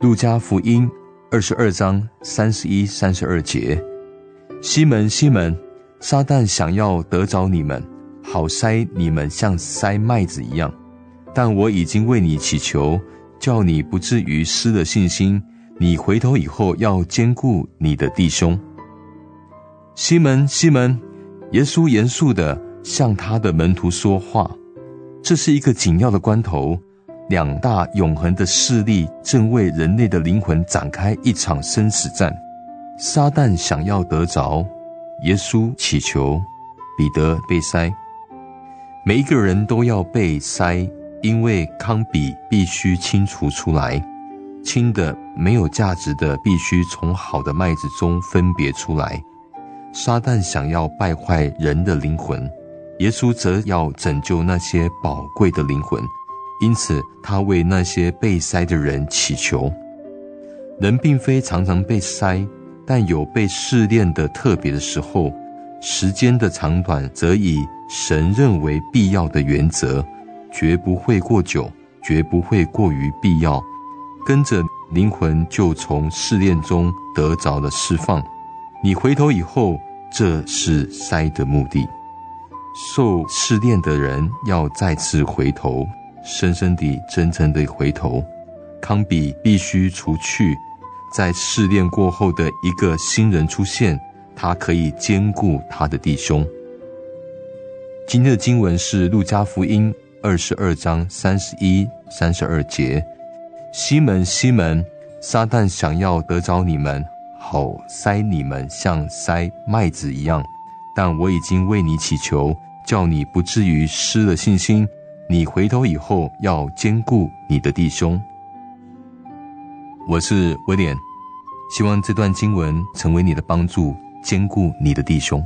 路加福音二十二章三十一、三十二節：西門，西門，撒旦想要得着你們，好篩你們像篩麥子一樣。但我已經為你祈求，叫你不至於失了信心。你回頭以後，要堅固你的弟兄。西門，西門，耶穌嚴肅地向他的門徒說話。這是一個緊要的關頭，兩大永恆的勢力正為人類的靈魂展開一場生死戰。撒旦想要得着，耶穌祈求，彼得被篩。每一個人都要被篩，因為糠秕必須清除出來，輕的沒有價值的必須從好的麥子中分別出來。撒旦想要敗壞人的靈魂。耶穌則要拯救那些寶貴的靈魂，因此他為那些被篩的人祈求。人並非常常被篩，但有被試煉的特別的時候。時間的長短則以神認為必要的原則，絕不會過久，絕不會過於必要。跟着靈魂就從試煉中得着了釋放。你回頭以後，這是篩的目的。受試煉的人要再次回頭，深深地、真誠地回頭。糠秕必須除去，在試煉過後的一個新人出現，他可以堅固他的弟兄。今天的經文是《路加福音》二十二章三十一、三十二節：“西門，西門，撒旦想要得着你們，好篩你們，像篩麥子一樣。”但我已經為你祈求，叫你不至於失了信心。你回頭以後要堅固你的弟兄。我是威廉，希望這段經文成為你的幫助，堅固你的弟兄。